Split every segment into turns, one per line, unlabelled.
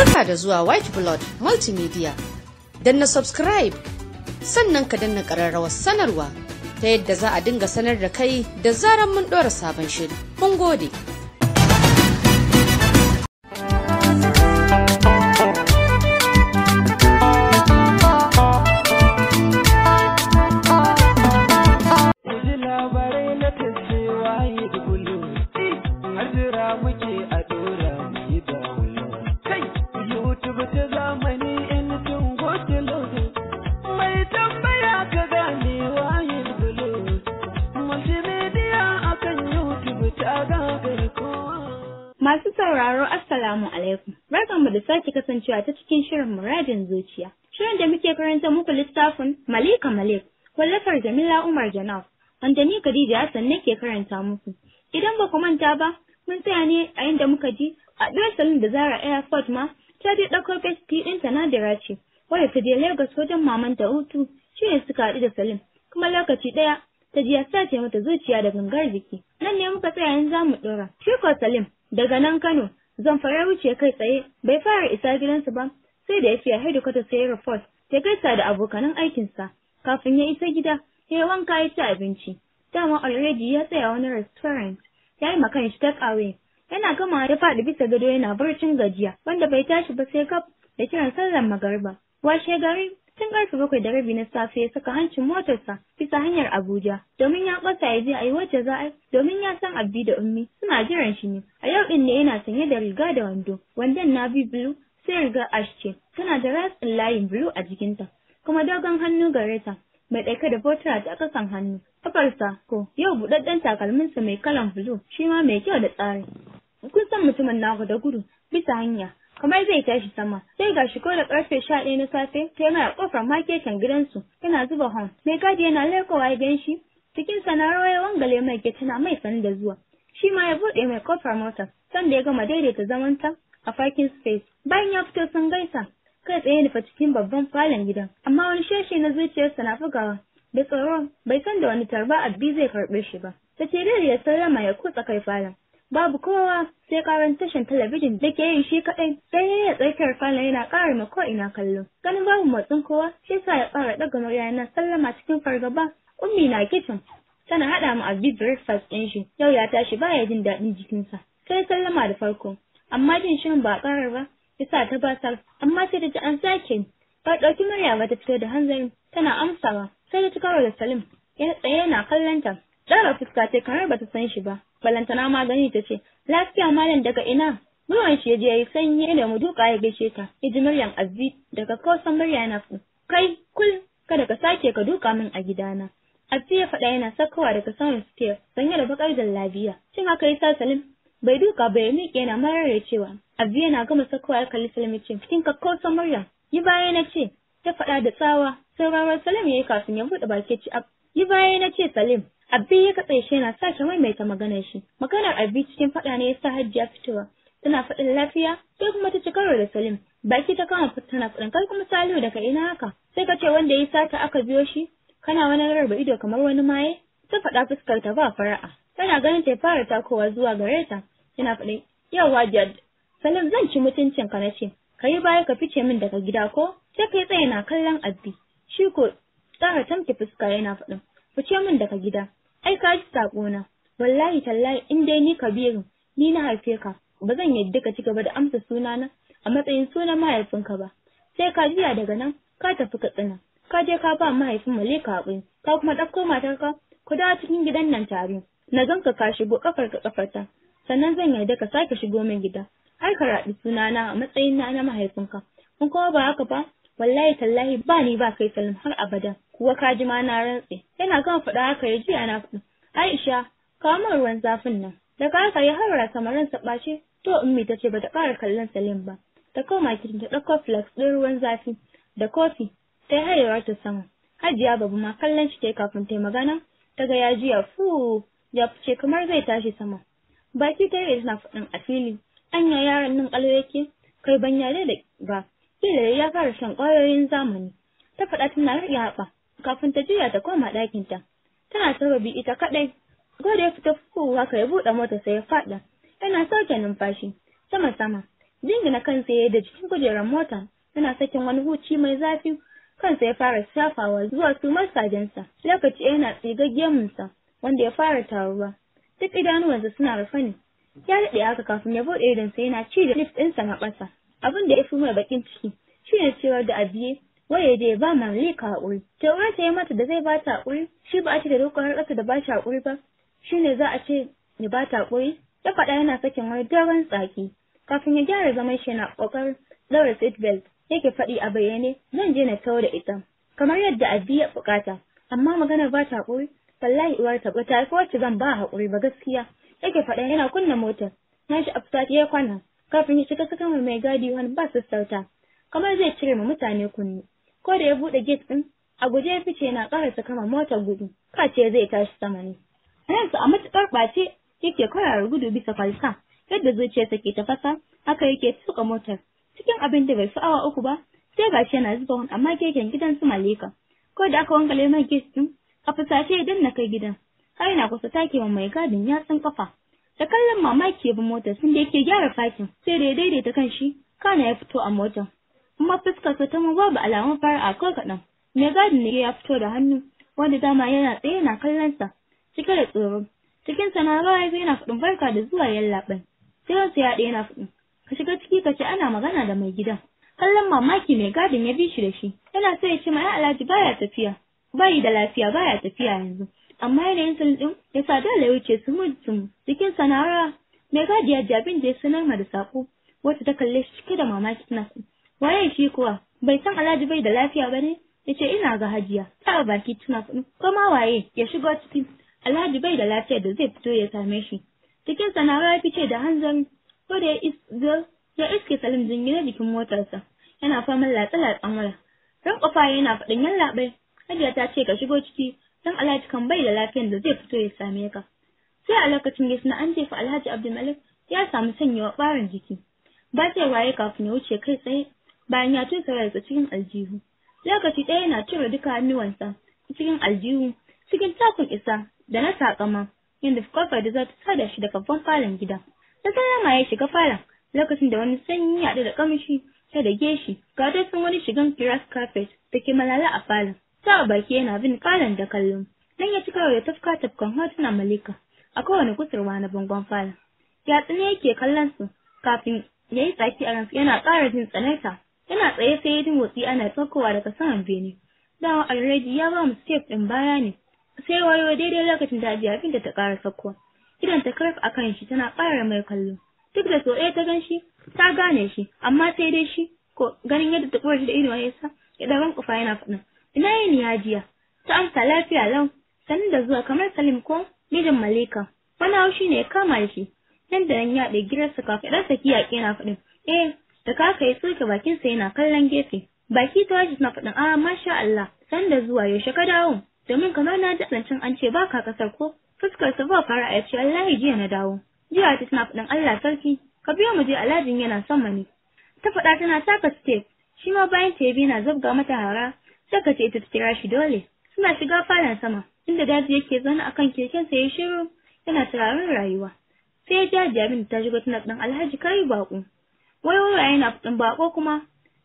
Barka da zuwa White Blood Multimedia. Danna subscribe, sannan ka danna ƙararrawar sanarwa ta yadda za a dinga sanar da kai da zarar mun ɗora sabon shiri. Mun gode. sauraro Assalamu alaikum. Barkanmu da sake kasancewa ta cikin shirin muradin zuciya. Shirin da muke karanta muku littafin Malika Malik, wallafar Jamila Umar Janaf, wanda ni Khadija Hassan nake karanta muku. Idan ba ku manta ba, mun tsaya ne a inda muka ji a ɗaya salon da Zara Airport ma ta je ɗaukar festi ɗin sanadira ce, wadda ta je Lagos wajen mamanta hutu shi ne suka haɗu da Salim, kuma lokaci ɗaya ta ji ya sace mata zuciya da gangar jiki. Nan ne muka tsaya in za mu ɗora. shi ko Salim Daga nan Kano, Zamfara ya wuce kai tsaye, bai fara isa gidansa ba, sai da ya fiya hedikwatar sai Ford, ya gaisa da abokanan aikinsa. Kafin ya isa gida, ya yi wanka ya ci abinci. Dama already ya tsaya wani restaurant, ya yi makan shi ta away. Yana gama ya faɗi bisa gado yana barcin gajiya, wanda bai tashi ba sai kaf da kiran sallar magariba. Washe gari tun karfe bakwai da rabi na safe ya saka hancin motarsa bisa hanyar Abuja domin ya ƙasa ya je a yi wacce za a yi domin ya san Abdi da Ummi suna jiran shi ne. A yau ɗin ne yana sanye da riga da wando, wandon na bi blue sai riga ash ce, tana da ratsin layin blue a jikinta, kuma dogon hannu gare ta, mai ɗauke da fotuna ta ƙasan hannu. Kafarsa ko yau buɗaɗɗen takalminsa mai kalan blue shi ma mai kyau da tsari. Kun san mutumin naku da gudu bisa hanya kamar zai tashi sama sai shi ko da karfe sha ɗaya na safe ta yana kofar maketin gidansu yana zuba hon mai gadi yana lekowa idan shi cikin sanarwa ya wangale mai ke tana mai sani da zuwa shi ma ya buɗe mai kofar mota, sanda ya gama daidaita zamanta a parking space bayan ya fito sun gaisa kai tsaye nufa cikin babban falon gidan amma wani sheshe na zuciyarsa na bugawa da tsoro bai san da wani tarba abbi zai karɓe shi ba ta ce da ya sallama ya kutsa kai falon babu kowa sai karan tashin talabijin da ke yi shi kaɗai Sai yi da tsakiyar falon yana ƙara ma ina kallo ganin babu motsin kowa shi sa ya ƙara ɗaga murya na sallama cikin fargaba ummi na kicin tana haɗa mu big breakfast ɗin shi yau ya tashi baya jin daɗin jikinsa sai sallama da farko amma jin shirin ba ƙarar ba ya sa ta basar amma sai ta ji an sake ba ɗauki murya ba ta fito da hanzari tana amsawa sai ta karo da salim ya tsaye na kallon ta ɗara fuska ce kamar ba ta san shi ba balantana magani ta ce lafiya malam daga ina Murwan shi je yayi sanye da mu duka ya gaishe ta. Iji muryan Azzi daga kawasan murya na fi Kai kul kada ka sake ka duka min a gidana. Azzi ya faɗa yana sakawa daga saman stair sanye da bakar lafiya. Cin haka ya sa Salim bai duka bai miƙe na marar cewa. Azzi yana gama sakawa ya kalli Salim ce kin ka kawasan murya. Yi baya na ce ta faɗa da tsawa. Sauraron Salim ya yi kafin ya buɗe baki ci Yi baya na ce Salim, Abbi ya katse shi yana mai maimaita maganar shi. Maganar Abbi cikin faɗa ne ya sa ya fitowa. Tana faɗin lafiya, sai kuma ta ci karo da Salim. Baki ta kama tana faɗin kai kuma Salihu daga ina haka. Sai ka ce wanda ya sata aka biyo shi, kana wani rarraba ido kamar wani maye? Ta faɗa fuskar ta ba fara'a. Tana ganin ta fara takowa zuwa gare ta. Tana faɗin, yawa Jad, Salim zan ci mutuncin ka na ce, ka yi baya ka fice min daga gida ko? Sai ka yi tsaye na kallon Abbi. Shi ko Tara tamke fuska yana faɗin. Fice min daga gida. Ai ka ji na. Wallahi tallahi in dai ni Kabiru ni na haife ka. Ba zan yadda ka ci gaba da amsa suna na a matsayin sunan mahaifinka ba. Sai ka jiya daga nan ka tafi ka tsina. Ka je ka ba mahaifin ka haƙuri. Ka kuma ɗauko matarka ku dawo cikin gidan nan tare. Na zanka ka shigo ƙafar ka kafarta. Sannan zan yarda ka sake shigo min gida. Ai ka raɗi sunana a matsayin na na mahaifinka. In kuma ba haka ba wallahi tallahi ba ni ba kai salim har abada kuwa ka ji ma na rantse yana kan faɗa haka ya ji ana faɗi aisha kawo min ruwan zafin nan da haka ya haura samarin sa ɓace to ummi ta ce bata ƙara kallon salim ba ta koma kitchen ta ɗauko flask ɗin ruwan zafi da kofi ta yi ta sama hajiya babu ma kallon shi kai kafin ta yi magana ta ga ya jiya fu ya fice kamar zai tashi sama baki ta yi tana faɗin a fili anya yaron nan ƙalo yake kai banya da ba Kila ya fara shan ƙwayoyin zamani. Ta faɗa tana riƙe haɓa kafin ta juya ta koma ɗakinta. Tana sarbabi ita kaɗai. Gode ya fita fuhu haka ya buɗe mota sai ya faɗa. Yana sauke numfashi sama sama. Jingina kansa ya yi da jikin kujerar mota. Yana sakin wani huci mai zafi. Kansa ya fara shafawa zuwa sumar masajensa Lokaci yana tsigaggen gemunsa, wanda ya fara taruwa. Duk idanuwansa suna rufe ne. Ya daɗe haka kafin ya buɗe sai yana ci da lift ɗinsa na ƙasa. abin da ya fi mai bakin ciki shi ne cewar da abiye waye ya ba malika haƙuri jawar ta yi mata da zai ba ta haƙuri shi ba a ce da dokar har ƙasa da ba shi haƙuri ba Shi ne za a ce ya ba ta haƙuri ya faɗa yana sakin wani dogon tsaki kafin ya gyara zaman shi na ƙoƙar ɗaura seatbelt yake faɗi a bayyane zan je na tawo da ita kamar yadda abiye buƙata amma maganar ba ta haƙuri wallahi uwar ta ba ta wacce zan ba haƙuri ba gaskiya yake faɗa yana kunna motar Na shi a ya kwana kafin ya shiga sakamar mai gadi wani ba sassauta kamar zai cire ma mutane kunni ko da ya buɗe gate ɗin a guje fice na ƙara kama motar gudu kace zai tashi sama ne ransa a matukar ɓace yake kwararar gudu bisa kwalka. yadda sa ke tafasa haka yake tuka motar cikin abin da bai fi awa uku ba sai shi yana zuba wani amma keken gidan su malika ko da aka wangale mai gate din a fusace ya danna kai gidan har yana kusa take mai gadin yatsun kafa da kallon mamaki ya bi motar sun da yake gyara fakin sai da ya daidaita kan shi kana ya fito a motar kuma fuskarsa ta ma babu alamun fara a ko kaɗan mai gadin ne ya fito da hannu wanda dama yana tsaye yana kallon sa cike da tsoro cikin sa na rawa yana faɗin barka da zuwa yallaɓai sai ya ɗaya yana faɗin ka shiga ciki ka ce ana magana da mai gidan kallon mamaki mai gadin ya bi shi da shi yana so ya ce ma alhaji baya tafiya bayi da lafiya baya tafiya yanzu amma yanayin sulun ya sa dole ya wuce su mutum cikin sana'ara mai gadi ya abin da ya sanar da saƙo. wata ta kalle shi cike da mamaki tana ku waye shi kuwa bai san alhaji bai da lafiya ba ne ya ce ina ga hajiya ta baki tana kuɗi ko ma waye ya shigo ciki alhaji bai da lafiya da zai fito ya same shi cikin sana'ara ya fice da hanzar? ko da ya iske salim na jikin motarsa yana faman latsa-latsan wala ran kofa yana faɗin yan hajiya ta ce ka shigo ciki dan Alhaji kan bai da lafiyar da zai fito ya same ka sai a lokacin ya suna an jefa Alhaji Abdulmalik ya samu sanyawa barin jiki ba zai waye kafin ya wuce kai tsaye bayan ya tusa wayarsa cikin aljihu lokaci ɗaya yana tura duka hannuwansa cikin aljihu cikin takun isa da na sakama yadda kofar da za ta sada shi da babban falon gida da ma ya shiga falon lokacin da wani sanyi ya da kamshi ta da geshi ga sun wani shigan grass kafet da ke malala a falon ta baki yana bin kalan da kallon nan ya ci kawai da tafka tafkan hotunan malika a kowane kusurwa na bangon falon ya tsini yake kallon su kafin ya yi tsaki a ransu, yana ƙara jin tsanaita yana tsaye sai ya ji motsi ana tsakowa daga saman bene dawa alredi ya ba mu step ɗin baya ne sai wayo daidai lokacin da ajiya abin da ta ƙara saukowa idan ta karf a kan shi tana ƙara mai kallo duk da so ɗaya ta gan shi ta gane shi amma sai dai shi ko ganin yadda ta shi da ido ya sa ya ɗauran kufa yana faɗin ina yi niyajiya? ta amsa lafiya lau sanin da zuwa kamar salim ko mijin malika wani haushi ne ya kama shi nan da nan ya ɗai girarsa kafin ɗan saki yaƙi na faɗin eh da kaka ya soke bakinsa yana kallon gefe baki ta wajen suna faɗin a ah, masha Allah san da zuwa yaushe ka dawo domin kamar na ji zancen an ce ba ka kasar ko sa ba fara a ce ya jiya na dawo jiya ta suna faɗin Allah sarki ka biyo mu je Alhaji yana son mani ne ta faɗa tana taka step shi ma bayan ta yabi na zabga mata hara Suka ce ita ta kira shi dole. Suna shiga falon sama, inda daji yake zaune akan keken sa ya shiru yana turaren rayuwa. Sai ya ja jabin ta shigo tana ɗan alhaji kai baƙo. Wai wai yana fitin baƙo kuma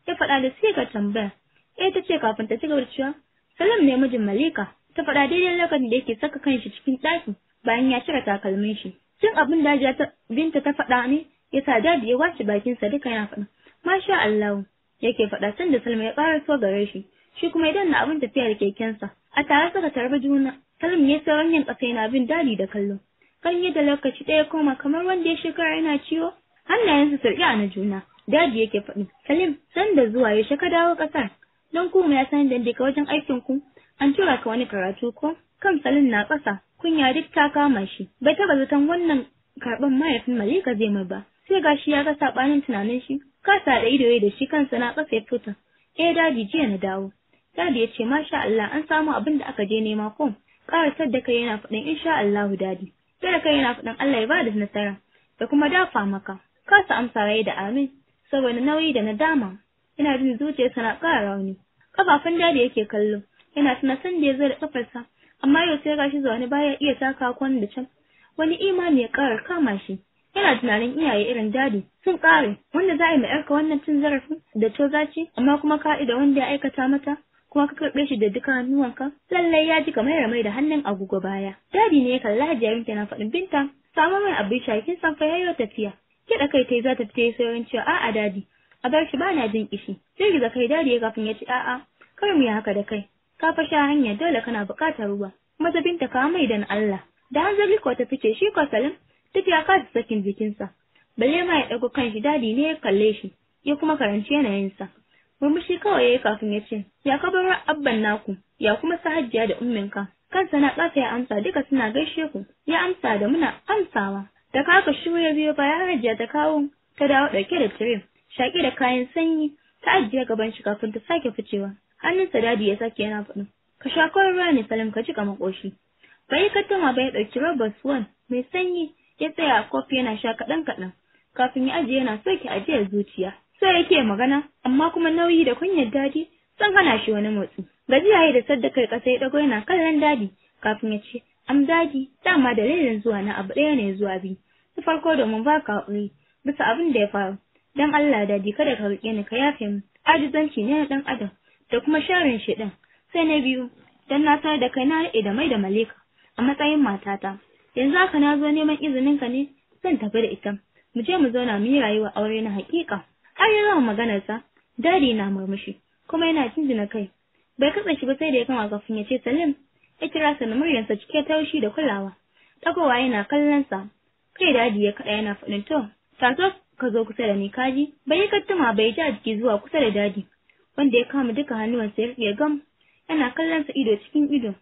ya faɗa da siga tambaya. Eh ta ce kafin ta ci gaba da cewa Salam ne mijin Malika. Ta faɗa daidai lokacin da yake saka kanshi cikin ɗaki bayan ya cire takalmin shi. Cin abin dajiya ta binta ta faɗa ne ya sa dadi ya washe bakinsa duka yana faɗa. Masha Allah yake faɗa sanda Salma ya ƙara so gare shi. shi kuma idan na abin tafiya da kekensa a tare suka tarbi juna Salim ya sauran yin ƙasa yana bin dadi da kallo kan yadda lokaci ɗaya koma kamar wanda ya shekara yana ciwo hannayensa sarƙi na juna dadi yake faɗi salim san da zuwa ya shaka dawo ƙasar don kuma ya san da daga wajen aikin ku an tura ka wani karatu ko kan salim na ƙasa kunya duk ta kama shi bai taɓa zaton wannan karɓan mahaifin malika zai mai ba sai gashi ya ga saɓanin tunanin shi kasa da ido da shi kansa na ƙasa ya fito eh daji jiya na dawo Dadi ya ce masha Allah an samu abin da aka je nema ko. Ƙarasar da kai yana faɗin insha Allahu dadi. Sai da kai yana faɗin Allah ya bada nasara da kuma dafa maka. Kasa amsa rai da amin saboda nauyi da nadama. Ina jin zuciya na ƙara rauni. Kafafun dadi yake kallo. Yana tuna san da ya zo da kafarsa amma yau sai gashi zaune baya iya taka kwan da can. Wani imani ya ƙara kama shi. yana tunanin iyaye irin dadi sun kare wanda za a yi ma'yarka wannan cin zarafin da to zaci amma kuma ka'ida wanda ya aikata mata kuma ka karɓe shi da duka hannuwanka lallai ya ji kamar ramai da hannun agogo baya dadi ne ya kalla hajiyarin na faɗin binta samu mai abin sha kin san fa yayyo tafiya kiɗa kai tai za ta fita sauran cewa a'a dadi a bar shi bana jin kishi girgiza kai dadi ya kafin ya ci. a'a kar mu yi haka da kai ka fa sha hanya dole kana buƙatar ruwa maza binta ka mai dan Allah da hanzari ko ta fice shi ko Salim tafiya ka sakin jikinsa balle ma ya ɗago kan shi dadi ne ya kalle shi ya kuma karanci yanayinsa. Murmushi kawai ya yi kafin ya ce, Ya kabar abban naku, ya kuma sa hajjiya da umminka. Kansa na ƙasa ya amsa duka suna gaishe ku, ya amsa da muna amsawa. Da kaka shiru ya biyo bayan hajjiya ta kawo ta dawo ɗauke da tire, shaƙi da kayan sanyi, ta ajiye gaban shi kafin ta sake ficewa. Hannunsa dadi ya sake yana faɗin. Ka sha kawai ruwa ne Salim ka jika makoshi. Bai kattama bai ɗauki robar suwan mai sanyi ya tsaya a kofi yana sha kaɗan kaɗan kafin ya ajiye yana soke ajiyar zuciya. Sai yake magana amma kuma nauyi da kunyar dadi sun hana shi wani motsi gajiya ya da saddakar kasa ya dago yana kallon dadi kafin ya ce am dadi dama dalilin zuwa na abu ɗaya ne zuwa biyu ta farko domin ba ka haƙuri bisa abin da ya faru dan Allah dadi kada ka riƙe ni ka yafe mu ajizanci ne na ɗan adam da kuma sharin shi ɗin. sai na biyu dan na sanar da kai na riƙe da mai da maleka a matsayin matata yanzu haka na zo neman izininka ne zan tafi da ita mu je mu zauna mu yi rayuwa aure na haƙiƙa Har ya gama maganarsa, dadi na murmushi, kuma yana jinjina kai. Bai katse shi ba sai da ya kama kafin ya ce Salim, ya kira sa da muryarsa cike taushi da kulawa. Tagowa yana kallonsa. kai dadi ya kaɗa yana faɗin to, taso ka zo kusa da ni kaji, bai yi kattuma bai ja jiki zuwa kusa da dadi, wanda ya kama duka hannuwansa ya riƙe gam, yana kallon ido cikin ido.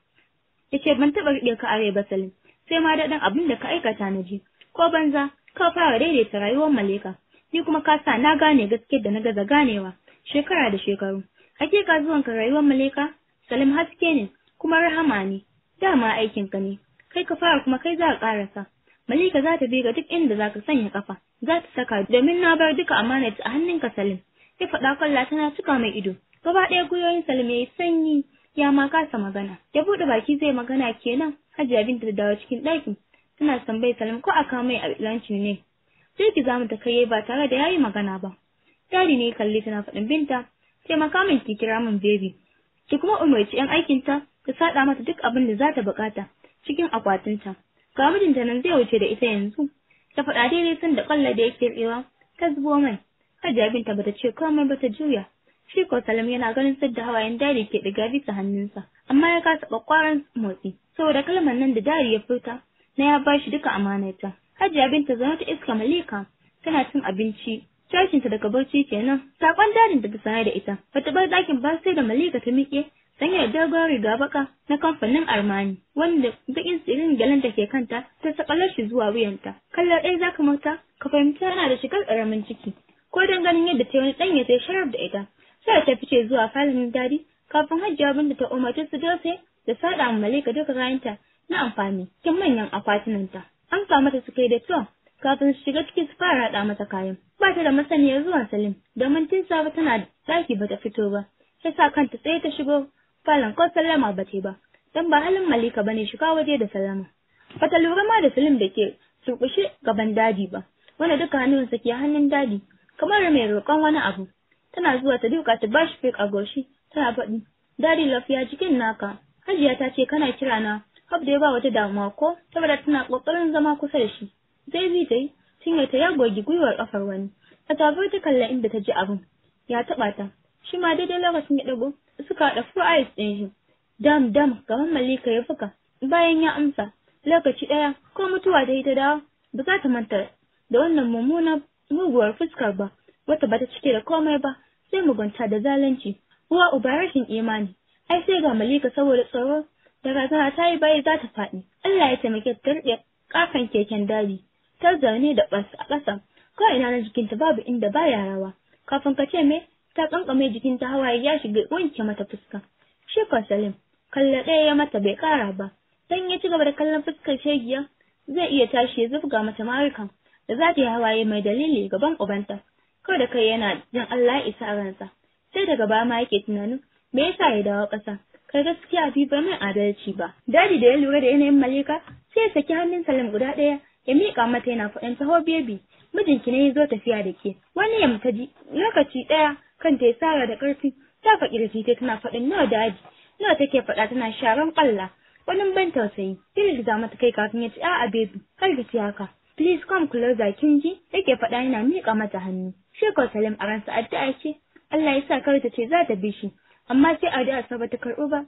Ya ce ban taɓa riƙe ka are ba Salim, sai ma daɗin abin da ka aikata na ji, ko banza, ka fara daidaita rayuwar maleka. ni kuma ka sa na gane gaske da na gaza ganewa shekara da shekaru hakika zuwan ka rayuwar Malika salim haske ne kuma rahama ne dama aikin ka ne kai ka fara kuma kai za ka karasa Malika za ta bi ga duk inda za ka sanya kafa za ta saka domin na bar duka amana a hannun ka salim sai faɗa kwalla tana cika mai ido gaba ɗaya gwiwoyin salim ya yi sanyi ya ma kasa magana ya buɗe baki zai magana kenan hajiya binta da dawo cikin ɗakin tana tambayi salim ko a kama mai lancin ne sai ki zamu ta kai ba tare da yayi magana ba dadi ne kalli tana faɗin binta taimaka min ki kira min baby ki kuma umarci yan aikinta ta saɗa mata duk abin da za ta buƙata cikin akwatinta ga mijinta nan zai wuce da ita yanzu ta faɗa daidai sun da ƙwallo da yake tsewa ta zubo mai hajiya binta bata ce komai ba ta juya shi ko yana ganin sadda hawayen dari ke diga bisa hannunsa amma ya kasa ɓaƙwaran motsi saboda kalmar nan da dari ya furta na ya bashi duka amanarta Hajiya Binta zaune ta iska Malika tana cin abinci. Tashinta daga barci kenan. Sakon dadin da ta sanar da ita. Bata bar ɗakin ba sai da Malika ta miƙe Sanya da dogon riga baka na kamfanin Armani wanda bakin tsirin galan da ke kanta ta sakalar shi zuwa wuyanta. Kallar ɗaya ka mata ka fahimci yana da shigar ƙaramin ciki. Ko don ganin yadda ta wani ya sai sharaf da ita. Sai ta fice zuwa falin dadi kafin hajjiya Binta ta umarci su dose da saɗa Malika duka kayanta na amfani cikin manyan akwatunanta. An sa mata suka yi da to kafin su shiga ciki su fara haɗa mata kayan ba ta da masaniyar zuwan salim domin tun safe tana daki ba ta fito ba ta sa kanta tsaye ta shigo falon ko sallama ba ta ba dan ba halin malika bane shiga waje da Salama. ba ta lura ma da salim da ke surkushe gaban daji ba wanda duka hannunsa ke hannun daji kamar mai roƙon wani abu tana zuwa ta duka ta bashi fik a goshi tana faɗi dadi lafiya cikin naka hajiya ta ce kana kira na Hab da ya ba wata damuwa ko saboda tana kokarin zama kusa da shi. Zai bi dai. yi, ta ya gogi gwiwar kafar wani. A tafi ta kalla inda ta ji abin. Ya taɓa ta. Shi ma daidai lokacin ya dago suka haɗa fur ice ɗin shi. Dam dam kamar Malika ya fuka. Bayan ya amsa lokaci ɗaya ko mutuwa ta yi ta dawo ba za ta manta da wannan mummunar muguwar fuskar ba wata bata cike da komai ba sai mugunta da zalunci. Uwa uba rashin imani. Ai sai ga Malika saboda tsaro. Daga ta yi bayi za ta faɗi. Allah ya taimake ta riƙe ƙafan keken dabi. Ta zaune da ɓas a ƙasa. Ko ina na jikinta babu inda ba ya rawa. Kafin ka ce me ta kankame jikinta hawaye ya shiga wanke mata fuska. shekar Salim kalla ɗaya ya mata bai ƙara ba. Don ya ci gaba da kallon fuskar shegiya zai iya tashi ya zubga mata marukan da za ta yi hawaye mai dalili gaban ubanta. Kawai da kai yana jin Allah ya isa ransa. Sai daga ba ma yake tunanin me yasa ya dawo ƙasa. kai gaskiya fi ba mai adalci ba dadi da ya lura da yanayin malika sai ya saki hannun salim guda ɗaya ya miƙa mata yana faɗin taho bebi mijinki ne ya zo tafiya da ke wani ya mutaji lokaci ɗaya ta ya sara da ƙarfi ta faƙi da ta tana faɗin nawa daji nawa take faɗa tana sharan ƙwalla wani ban tausayi za mata kai kafin ya ci a bebi kar ki ci haka please come closer kin ji yake faɗa yana miƙa mata hannu shekau salim a ransa addu'a ce Allah ya sa kawai ta ce za ta bi shi amma sai a da Asabe ta karɓi ba,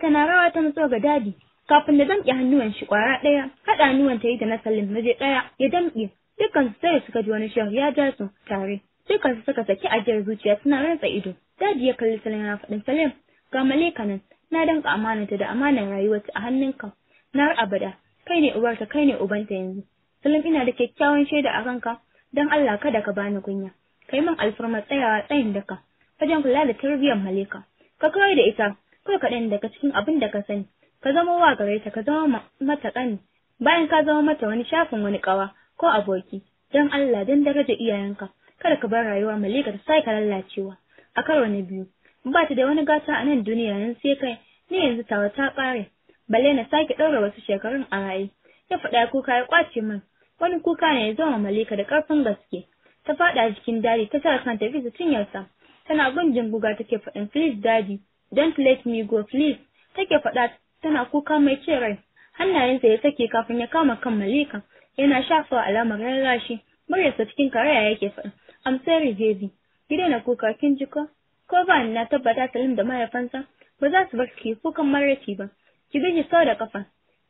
ta na rawa ta matso ga dadi. Kafin da damƙe hannuwan shi ƙwara ɗaya, haɗa hannuwan ta yi da na Salim maje ɗaya ya damƙe. Dukkan su sai suka ji wani shehu ya ja su tare. Dukkan su suka saki ajiyar zuciya suna rantsa ido. Dadi ya kalli Salim na faɗin Salim, ga Malika nan, na danka amanata da amanar rayuwarta a hannunka. Na abada, kai ne ubarta, kai ne ubanta yanzu. Salim ina da kyakkyawan shaida a kanka, don Allah kada ka bani kunya. Kai min alfarma tsayawa tsayin daka, wajen kula da tarbiyyar maleka. ka kawai da ita ko kaɗan daga cikin abin da ka sani ka zama wa gare ta ka zama mata ƙani bayan ka zama mata wani shafin wani ƙawa ko aboki don Allah don daraja iyayenka kada ka bar rayuwa malika ta sai ka lallacewa a karo na biyu ba ta da wani gata a nan duniya nan sai kai ni yanzu tawa ta ƙare balle na sake ɗaura wasu shekarun a raye ya faɗa kuka ya ƙwace min wani kuka ne ya zama malika da ƙarfin gaske ta faɗa jikin dari ta tara kanta bisa cinyarsa tana gun guga take faɗin please daddy don't let me go please take faɗa tana kuka mai ce rai hannayensa ya sake kafin ya kama kan malika yana shafawa alamar rarrashi muryarsa cikin karaya yake faɗin I'm sorry baby ki daina kuka kin ji ko ko ba na tabbata Salim da mahaifansa ba za su bar ki kukan maraici ba ki bi sau da kafa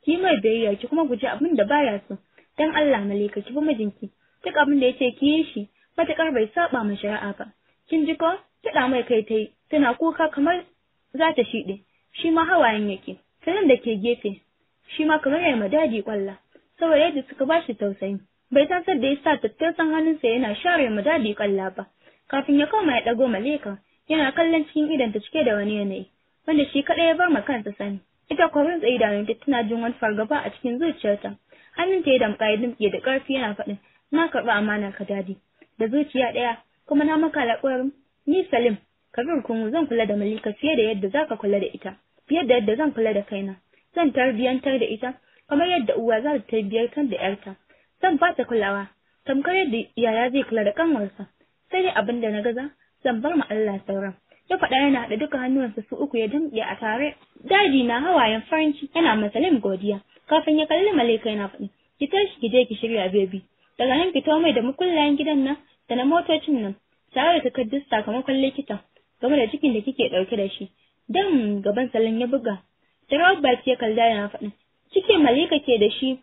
ki mai biyayya ki kuma guji abin da baya so dan Allah malika ki bi mijinki duk abin da ce ki yi shi matakar bai saba ma shari'a ba kin ji ko kiɗa mai kai ta yi tana kuka kamar za ta shiɗe shi ma hawayen yake sanin da ke gefe shi ma kamar ya madadi kwalla saboda yadda suka ba shi tausayi bai san da ya sa tattausan hannunsa yana share madadi kwalla ba kafin ya koma ya ɗago maleka yana kallon cikin ta cike da wani yanayi wanda shi kaɗai ya bar ma kansa sani ita kwarin tsaye da tana jin wani fargaba a cikin zuciyarta hannunta ya damƙa ya dumke da ƙarfi yana faɗin na karɓi amana ka dadi da zuciya ɗaya kuma na maka Ni Salim, Kabir kuma zan kula da Malika fiye da yadda zaka kula da ita, fiye da yadda zan kula da kaina. Zan tarbiyantar da ita kamar yadda uwa za ta kan da ‘yarta. Zan ba ta kulawa, tamkar yadda yaya zai kula da kanwarsa. Sai dai abin da na gaza, zan bar ma Allah sauran. Ya faɗa yana haɗa duka hannuwansa su uku ya damƙe a tare. Daji na hawayen farin ciki yana masalin godiya. Kafin ya kalli Malika yana faɗi, ki tashi ki je ki shirya bebi. Daga nan fito mai da mukullayen gidan nan da na motocin nan. ta takardar sakamakon likitan game da cikin da kike ɗauke da shi dan gaban salon ya buga Jarawar baki ya kalda yana faɗin. Cikin malika ke da shi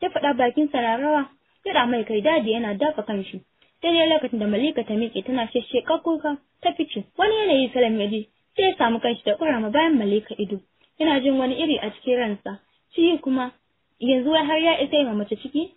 ya faɗa bakin sa na rawa ya mai kai dadi yana dafa kanshi. ne lokacin da malika ta miƙe tana shesheka kuka ta fice. Wani yanayi salon ya ji sai ya samu kanshi da ƙurama bayan malika ido. Yana jin wani iri a cikin ransa. Ciki kuma yanzu har ya isa ma mace ciki.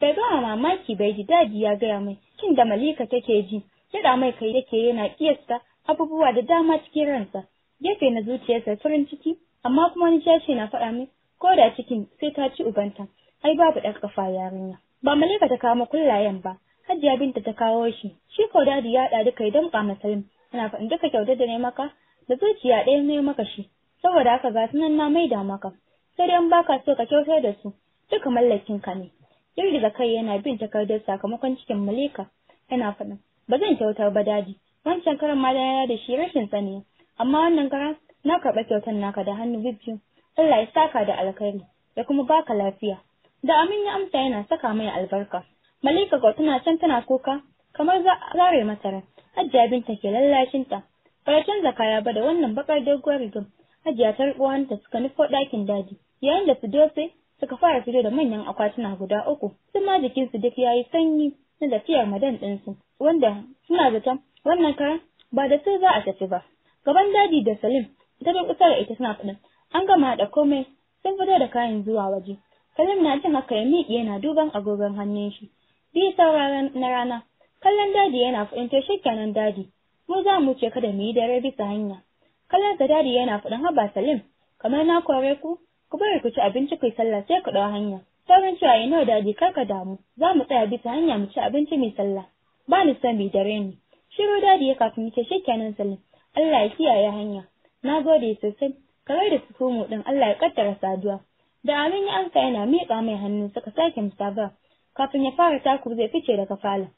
Bai ba mamaki bai ji dadi ya gaya mai kin da malika take ji. kiɗa mai kai yake yana kiyasta abubuwa da dama cikin ransa gefe na zuciyarsa farin ciki amma kuma wani shashi na faɗa min ko da cikin sai ta ci ubanta ai babu ɗan kafa yarinya ba malika ta kama kullayen ba hajiya binta ta kawo shi shi ko dadi ya ɗa duka idan ba masalim yana faɗin duka kyautar da ne maka da zuciya ɗaya ne maka shi saboda haka ga sunan na maida maka sai dai ba baka so ka kyautar da su duka mallakin ka ne. Yau da kai yana bin takardar sakamakon cikin malika yana faɗin ba zan kyautar ba daji wancan karan ma da da shi rashin sani amma wannan karan na karɓa kyautar naka da hannu bibbiyu Allah ya saka da alkhairi ya kuma baka lafiya da amin ya amsa yana saka mai albarka malika ko tana can tana kuka kamar za a zare mata ran hajiya binta ke lallashin ta bata canza kaya ba da wannan bakar doguwar rigar hajiya ta riƙo hanta suka nufo ɗakin daji yayin da su dose suka fara fito da manyan akwatuna guda uku sun ma jikinsu duk yayi sanyi na tafiyar madan ɗinsu wanda suna zaton wannan karan ba da su za a tafi ba gaban daji da salim ta da kusa da ita suna kudin an gama da komai sun fito da kayan zuwa waje salim na jin haka ya miƙe yana duban agogon hannun shi biyu sauraron na rana kallon daji yana faɗin to kenan daji mu za mu ce kada mu yi dare bisa hanya kallon da daji yana faɗin haba salim kamar na kore ku ku bari ku ci abinci ku yi sallah sai ku ɗau hanya sauran cewa nawa daji kar ka damu za mu tsaya bisa hanya mu ci abinci mai sallah ba ni son mai dare ni shiru dadi ya kafin ya ce nan salim Allah ya kiyaye hanya na gode sosai kamar da komo din Allah ya kaddara saduwa da amin ya amsa yana miƙa mai hannu suka sake musaba kafin ya fara taku zai fice daga falon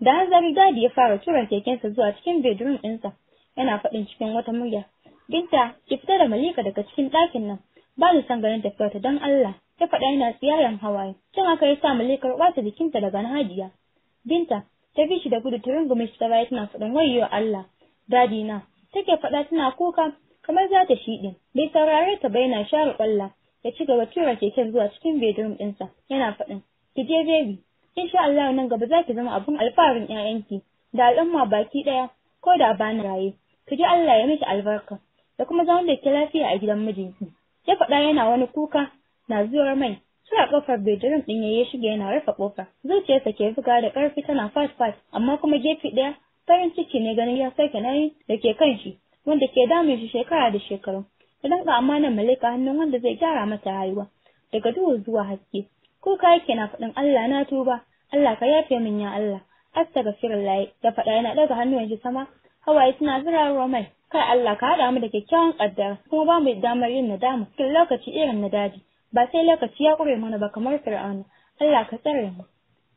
da hanzari dadi ya fara tura kekensa zuwa cikin bedroom ɗinsa yana faɗin cikin wata murya Binta, ki fita da Malika daga cikin ɗakin nan, ba ni son ganin ta, don Allah. ta faɗa yana siyaran hawaye cin aka yi sa malikar ɓata jikinta daga Hajiya. binta ta bi shi da gudu ta rungume shi ta baya tana faɗin wayewa Allah dadi na take faɗa tana kuka kamar za ta shiɗe bai saurare ta ba yana share ƙwalla ya ci gaba tura keken zuwa cikin bedroom ɗinsa yana faɗin ki je in sha Allah nan gaba za ki zama abin alfaharin 'ya'yanki da al'umma baki ɗaya ko da ba na raye ki ji Allah ya miki albarka da kuma zaman da ke lafiya a gidan mijinki ya faɗa yana wani kuka na zuwar mai suna kofar bedroom din yayi shige yana rufe kofar zuciyarsa ke buga da karfi tana fat fat amma kuma gefe daya farin ciki ne ganin ya sake nayi da ke kan shi wanda ke damun shi shekara da shekaru idan amma amanar malika hannun wanda zai gyara mata rayuwa daga duhu zuwa haske ko ka yake na faɗin Allah na tuba Allah ka yafe min ya Allah astaghfirullah da faɗa yana daga hannun shi sama hawaye suna zirarowa mai kai Allah ka haɗa mu da kyakkyawan kaddara kuma ba mu damar yin nadama cikin lokaci irin na daji ba sai lokaci ya ƙure mana ba kamar fir'auna Allah ka tsare mu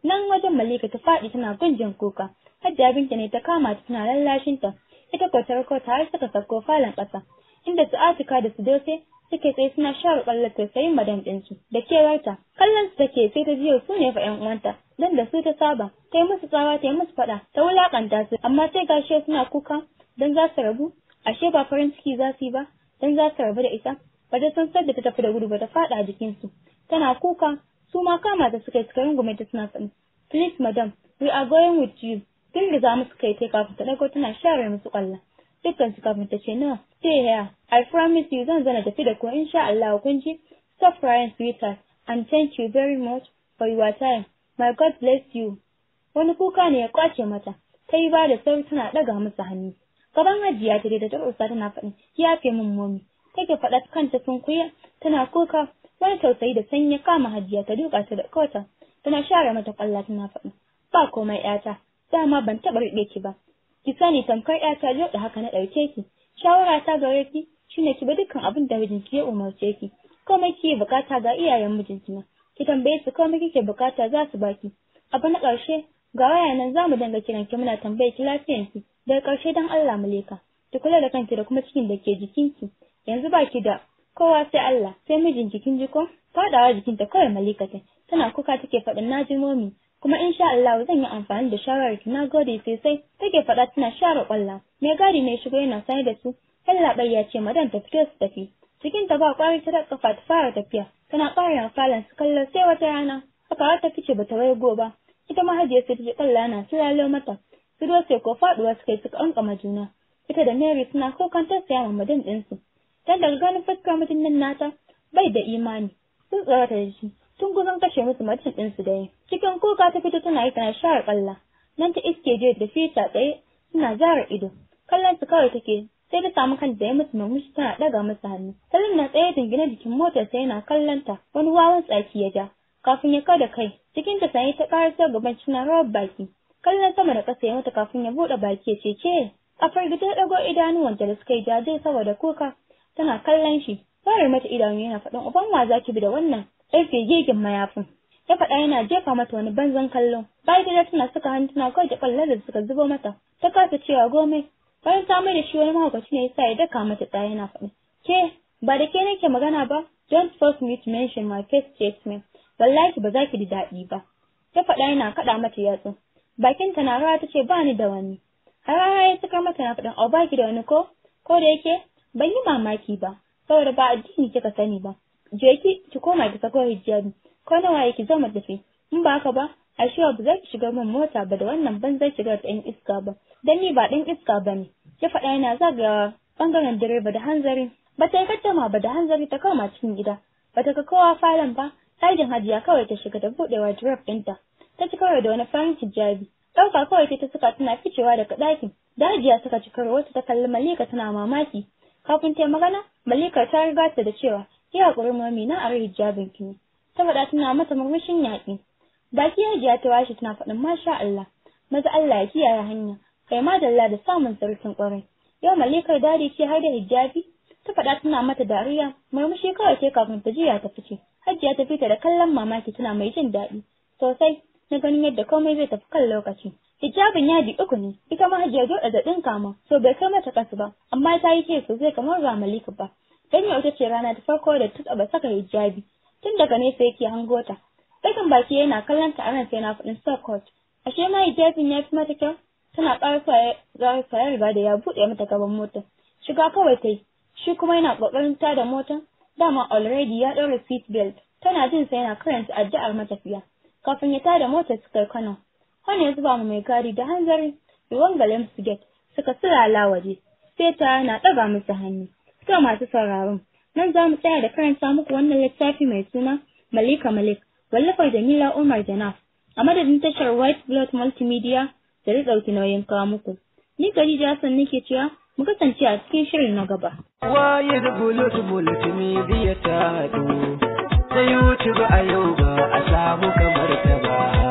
nan wajen malika ta faɗi tana gunjin kuka hajji binta ne ta kama ta tana lallashin ta ita ko ta rako ta har suka sako falon ƙasa inda su atika da su dose suke tsaye suna share ƙwallon tausayin madam ɗinsu da kewarta kallon su take sai ta jiya su ne fa ƴan uwanta dan da su ta saba ta yi musu tsawa ta yi musu faɗa ta wulaƙanta su amma sai gashi suna kuka don za su rabu ashe ba farin ciki za su yi ba don za su rabu da ita Bata san sadda ta tafi da gudu ba ta faɗa a su tana kuka su ma kama ta suka yi suka rungume ta suna faɗi please madam we are going with you tun da za musu kai ta kafin ta ɗago tana share musu ƙwallon dukkan su kafin ta ce no stay here I promise you zan zana tafi da ku insha Allah kun ji stop crying sweetheart and thank you very much for your time my God bless you wani kuka ne ya kwace mata ta yi ba da sauri tana ɗaga musu hannu gaban hajiya ta da ta tana faɗi. ya fi min momi take faɗa kanta sun kuya tana kuka wani tausayi da sanya kama hajiya ta duka ta da kota tana share mata kwalla tana faɗi ba komai yata dama ban taɓa riɗe ki ba ki sani tamkar yata jo da haka na ɗauke ki shawara ta gare ki shine ki bi dukkan abin da mijinki ya umarce ki komai ki bukata ga iyayen mijinki na ki tambaye su komai kike bukata za su baki abu na ƙarshe ga waya nan za mu dinga kiran ki muna tambaye ki lafiyanki daga ƙarshe don Allah mu leka ki kula da kanki da kuma cikin da ke jikinki yanzu ba ki da kowa sai Allah sai mijin jikin jikon fadawa jikinta kawai malikata tana kuka take faɗin na ji momi kuma insha Allah zan yi amfani da shawarar ki na gode sai take faɗa tana share kwalla mai gadi ne shigo yana sanye da su yallaɓai ya ce madan ta fito su tafi cikin ta ba kwari ta kafa ta fara tafiya tana ƙara falan su kallon sai wata rana haka ta fice bata go ba ita mahajiyar sai ta ji kwalla na lalo mata su sai ko faɗuwa suka yi suka ankama juna ita da Mary suna kokan sai ma madan ɗinsu Dan ganin fuskar mutumin nata bai da imani. Sun tsara da shi. Tun kusan kashe musu mutum ɗinsu da dai Cikin kuka ta fito tana yi tana share ƙalla. Nan ta iske jiya da fita tsaye suna jara ido. Kallon su kawai take sai ta samu kanta ya mutu murmushi tana daga masa hannu. Salim na tsaye gina jikin motar sai yana kallon ta. Wani wawan tsaki ya ja. Kafin ya kada kai, cikin ta sanye ta sai gaban cina rawar baki. Kallon sama da kasa ya mata kafin ya buɗe baki ya ce ke A firgita ya ɗago idanuwanta da suka yi jaje saboda kuka. tana kallon shi farar mata idanu yana faɗin uban wa zaki bi da wannan ƙarfe gegen mayafin ya faɗa yana jefa mata wani banzan kallo bayan da tana saka hantuna kawai da ƙwallon da suka zubo mata ta kasa cewa gome bayan samar da shi wani mahaukaci ne yasa ya daka mata ɗaya yana faɗi ke ba da ke nake magana ba don't force me to mention my first statement wallahi ba za ki ji daɗi ba ta faɗa yana kaɗa mata yatsu bakinta na rawa ta ce ba ni da wani har ya saka mata na faɗin au ba ki da wani ko ko da yake ban yi mamaki ba saboda ba addini kika sani ba je ki ki koma ki sako hijabi ko nawa ya ki zama tafi in ba haka ba a shiwa ba za ki shiga min mota ba da wannan ban zai shiga ɗan iska ba dan ni ba ɗan iska ba ne ki faɗa yana zagawa bangaren direba da hanzari ba ta yi kaddama ba da hanzari ta kama cikin gida ba ta kowa falon ba sajin hajiya kawai ta shiga da buɗewa direb ɗinta ta ci kawai da wani farin hijabi ɗauka kawai ta suka tana ficewa daga ɗakin da hajiya suka ci karo wata ta kalli malika tana mamaki kafin ta magana malika ta riga ta da cewa ki hakuri mami na are hijabin ki ta faɗa tana mata murmushin yaƙi baki ya jiya ta washe tana faɗin masha Allah maza Allah ya kiyaye hanya kai ma dalla da samun sarkin kwarai yau malikar daɗi ce har da hijabi ta faɗa tana mata dariya murmushi kawai ce kafin ta jiya ta fice hajjiya ta fita da kallon mamaki tana mai jin daɗi sosai na ganin yadda komai zai tafi kan lokaci Hijabin yadi uku ne, ita ma hajiya zo da ɗinka kama so bai kai mata kasu ba, amma ta yi ce zai kamar Ramalika ba. yau ta ce rana ta farko da ta ba saka hijabi, tun daga nesa yake hango ta. ɗakin baki yana kallon ta a ran sai na faɗin Stockport. Ashe ma hijabin ya fi mata kyau? Tana ƙarfa riga da ya buɗe mata gaban mota Shiga kawai ta yi, shi kuma yana ƙoƙarin da motar. Dama already ya ɗaure seat belt. Tana jin sai yana karanta addu'ar matafiya. Kafin ya tada motar suka kano. wani ya zuba mu mai kadi da hanzari ruwan galen su suka tsira waje sai ta na ɗaga musu hannu to masu sauraron nan za mu tsaya da karanta muku wannan littafi mai suna malika malik wallafar jamila umar naf a madadin tashar white blood multimedia da ta ɗauki nauyin kawo muku ni gari jason nake cewa mu kasance a cikin shirin na gaba. bulutu bulutu bulut media ta hadu, sai wuce ba a yau ba a
samu kamar ta ba.